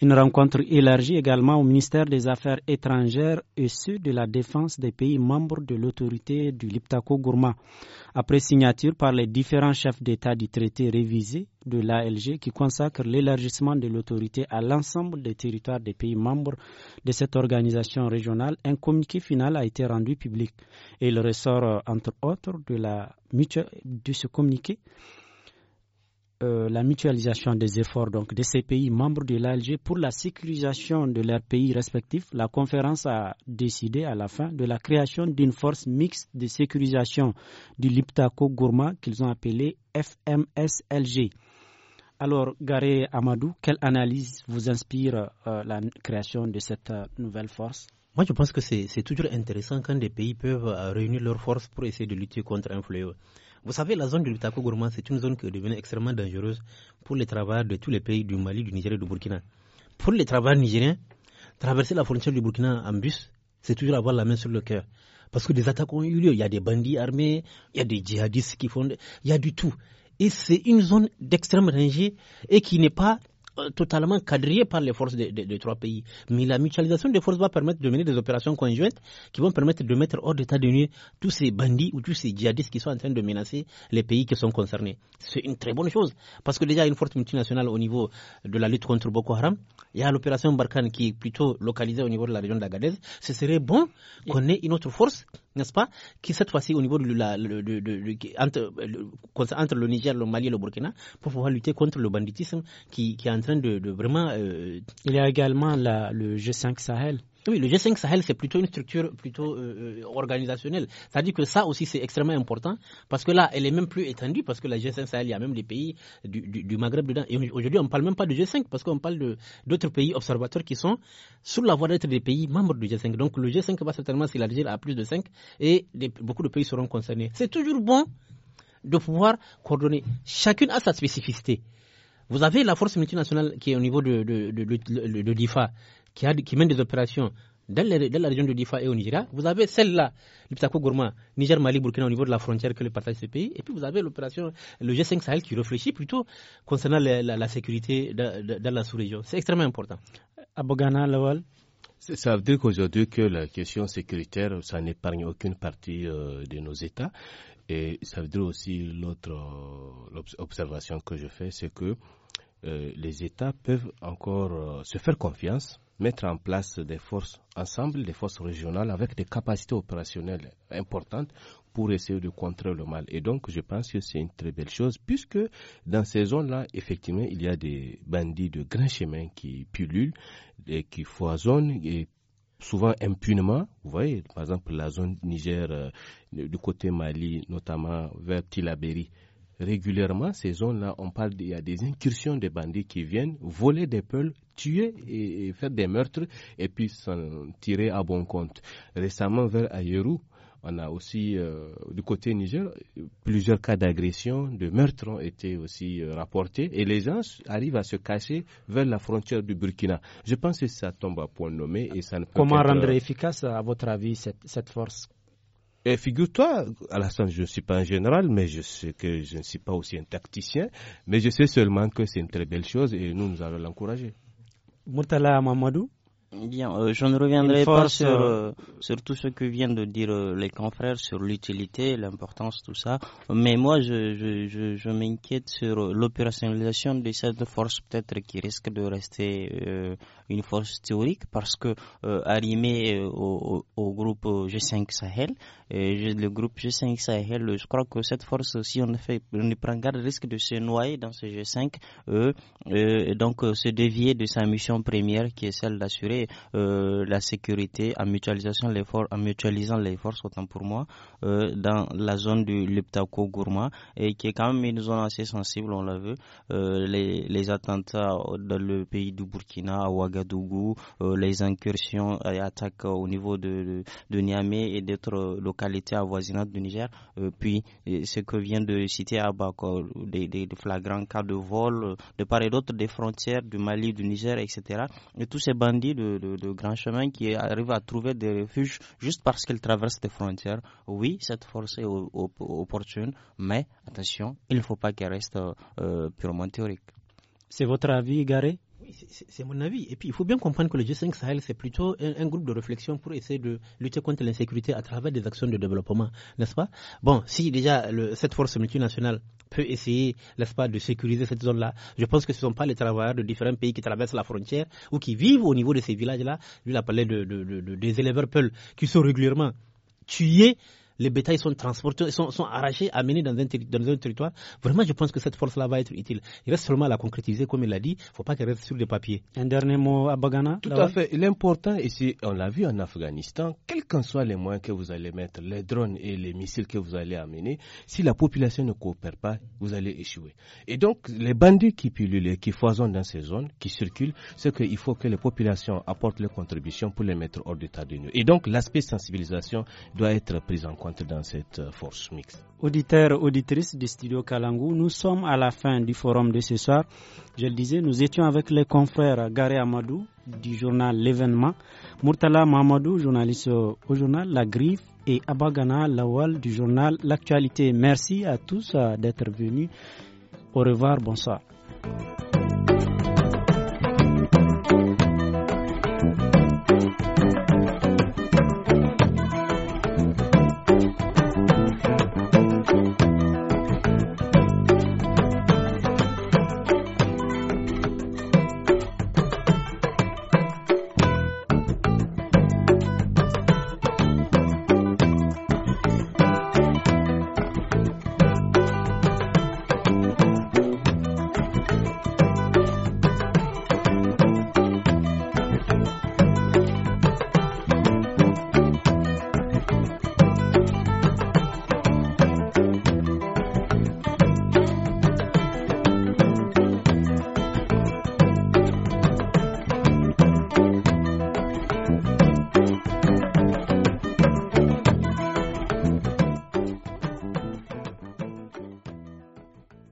Une rencontre élargie également au ministère des Affaires étrangères et ceux de la défense des pays membres de l'autorité du Liptako Gourma. Après signature par les différents chefs d'État du traité révisé de l'ALG qui consacre l'élargissement de l'autorité à l'ensemble des territoires des pays membres de cette organisation régionale, un communiqué final a été rendu public. Et il ressort, euh, entre autres, de, la, de ce communiqué euh, la mutualisation des efforts donc, de ces pays membres de l'ALG pour la sécurisation de leurs pays respectifs, la conférence a décidé à la fin de la création d'une force mixte de sécurisation du Liptako Gourma qu'ils ont appelée FMSLG. Alors, Garé Amadou, quelle analyse vous inspire euh, la création de cette euh, nouvelle force moi, je pense que c'est toujours intéressant quand des pays peuvent réunir leurs forces pour essayer de lutter contre un fléau. Vous savez, la zone du Bitako Gourmand, c'est une zone qui est devenue extrêmement dangereuse pour les travailleurs de tous les pays du Mali, du Niger et du Burkina. Pour les travailleurs nigériens, traverser la frontière du Burkina en bus, c'est toujours avoir la main sur le cœur. Parce que des attaques ont eu lieu. Il y a des bandits armés, il y a des djihadistes qui font. Il y a du tout. Et c'est une zone d'extrême danger et qui n'est pas euh, totalement quadrillé par les forces des trois pays. Mais la mutualisation des forces va permettre de mener des opérations conjointes qui vont permettre de mettre hors d'état de nuire tous ces bandits ou tous ces djihadistes qui sont en train de menacer les pays qui sont concernés. C'est une très bonne chose parce que déjà il y a une force multinationale au niveau de la lutte contre Boko Haram. Il y a l'opération Barkhane qui est plutôt localisée au niveau de la région d'Agadez. Ce serait bon qu'on ait une autre force n'est-ce pas, qui cette fois-ci au niveau la, entre, entre, le Niger, le Mali et le Burkina, pour pouvoir lutter contre le banditisme qui, qui est en train de, vraiment... Euh, Il y a également le G5 Sahel oui, le G5 Sahel, c'est plutôt une structure plutôt euh, euh, organisationnelle. C'est-à-dire que ça aussi, c'est extrêmement important parce que là, elle est même plus étendue parce que la G5 Sahel, il y a même des pays du, Maghreb dedans. Et aujourd'hui, on ne parle même pas du G5 parce qu'on parle d'autres pays observateurs qui sont sous la voie d'être des pays membres du G5. Donc le G5 va certainement s'élargir à plus de 5 et beaucoup de pays seront concernés. C'est toujours bon de pouvoir coordonner. Chacune a sa spécificité. Vous avez la force multinationale qui est au niveau de, de l'IFA qui, mène des opérations dans, la région de Difa et au Nigeria, vous avez celle-là, l'Ipsako Gourma, Niger, Mali, Burkina, au niveau de la frontière que le partage ces pays, et puis vous avez l'opération, le G5 Sahel qui réfléchit plutôt concernant la, sécurité dans la sous-région. C'est extrêmement important. Abogana Lawal ça veut dire qu'aujourd'hui que la question sécuritaire, ça n'épargne aucune partie euh, de nos États. Et ça veut dire aussi l'autre euh, observation que je fais, c'est que euh, les États peuvent encore se faire confiance mettre en place des forces ensemble, des forces régionales avec des capacités opérationnelles importantes pour essayer de contrer le mal. Et donc, je pense que c'est une très belle chose puisque dans ces zones-là, effectivement, il y a des bandits de grands chemins qui pullulent et qui foisonnent et souvent impunément. Vous voyez, par exemple, la zone Niger, euh, du côté Mali, notamment vers Tilaberi régulièrement, ces zones-là, on parle, il y a des incursions de bandits qui viennent voler des peules, tuer et, faire des meurtres et puis s'en tirer à bon compte. Récemment, vers Ayerou, on a aussi, euh, du côté Niger, plusieurs cas d'agression, de meurtres ont été aussi euh, rapportés et les gens arrivent à se cacher vers la frontière du Burkina. Je pense que ça tombe à point nommé et ça ne peut Comment rendre euh, efficace, à votre avis, cette force et figure-toi, à Alassane, je ne suis pas un général, mais je sais que je ne suis pas aussi un tacticien, mais je sais seulement que c'est une très belle chose et nous, nous allons l'encourager. Murtala Mamadou, Bien, euh, je ne reviendrai pas euh, euh, sur, tout ce que viennent de dire les confrères sur l'utilité, l'importance, tout ça. Mais moi, je, m'inquiète sur l'opérationnalisation de cette force, peut-être qui risque de rester une force théorique, parce que arrimée au, groupe G5 Sahel, et le groupe G5 Sahel, je crois que cette force, si on ne fait, on prend garde, risque de se noyer dans ce G5, et donc se dévier de sa mission première, qui est celle d'assurer euh, la sécurité, en mutualisation l'effort en mutualisant les forces autant pour moi euh, dans la zone du Leptako Gourma et qui est quand même une zone assez sensible, on l'a vu, euh, les, attentats dans le pays du Burkina, à Ouagadougou, les incursions et attaques au niveau de, Niamey et d'autres localités avoisinantes du Niger, puis ce que vient de citer à des, des, des flagrants cas de vol de part et d'autre des frontières du Mali, du Niger, etc. Et tous ces bandits de de, grands chemins qui arrivent à trouver des refuges juste parce qu'ils traversent des frontières. Oui, cette force est opportune, mais attention, il ne faut pas qu'elle reste euh, purement théorique. C'est votre avis, Garé c'est mon avis. Et puis, il faut bien comprendre que le G5 Sahel, c'est plutôt un, groupe de réflexion pour essayer de lutter contre l'insécurité à travers des actions de développement, n'est-ce pas Bon, si déjà cette force multinationale peut essayer, n'est-ce pas, de sécuriser cette zone-là, je pense que ce ne sont pas les travailleurs de différents pays qui traversent la frontière ou qui vivent au niveau de ces villages-là. Lui, il a parlé des éleveurs peuls qui sont régulièrement tués les bétails sont transportés, sont, arrachés, amenés dans un, dans un, territoire. Vraiment, je pense que cette force-là va être utile. Il reste seulement à la concrétiser, comme il l'a dit. Il ne faut pas qu'elle reste sur le papier. Un dernier mot à Bagana Tout à fait. L'important, ici, on l'a vu en Afghanistan, quels qu'en soient les moyens que vous allez mettre, les drones et les missiles que vous allez amener, si la population ne coopère pas, vous allez échouer. Et donc, les bandits qui pullulent qui foisonnent dans ces zones, qui circulent, c'est qu'il faut que les populations apportent leurs contributions pour les mettre hors d'état de nuit. Et donc, l'aspect sensibilisation doit être pris en compte dans cette euh, force mixte. Auditeurs, auditrices du studio Kalangou, nous sommes à la fin du forum de ce soir. Je le disais, nous étions avec les confrères Gary Amadou du journal L'événement, Murtala Mamadou, journaliste au journal La Griffe, et Abagana Lawal du journal L'actualité. Merci à tous euh, d'être venus. Au revoir, bonsoir.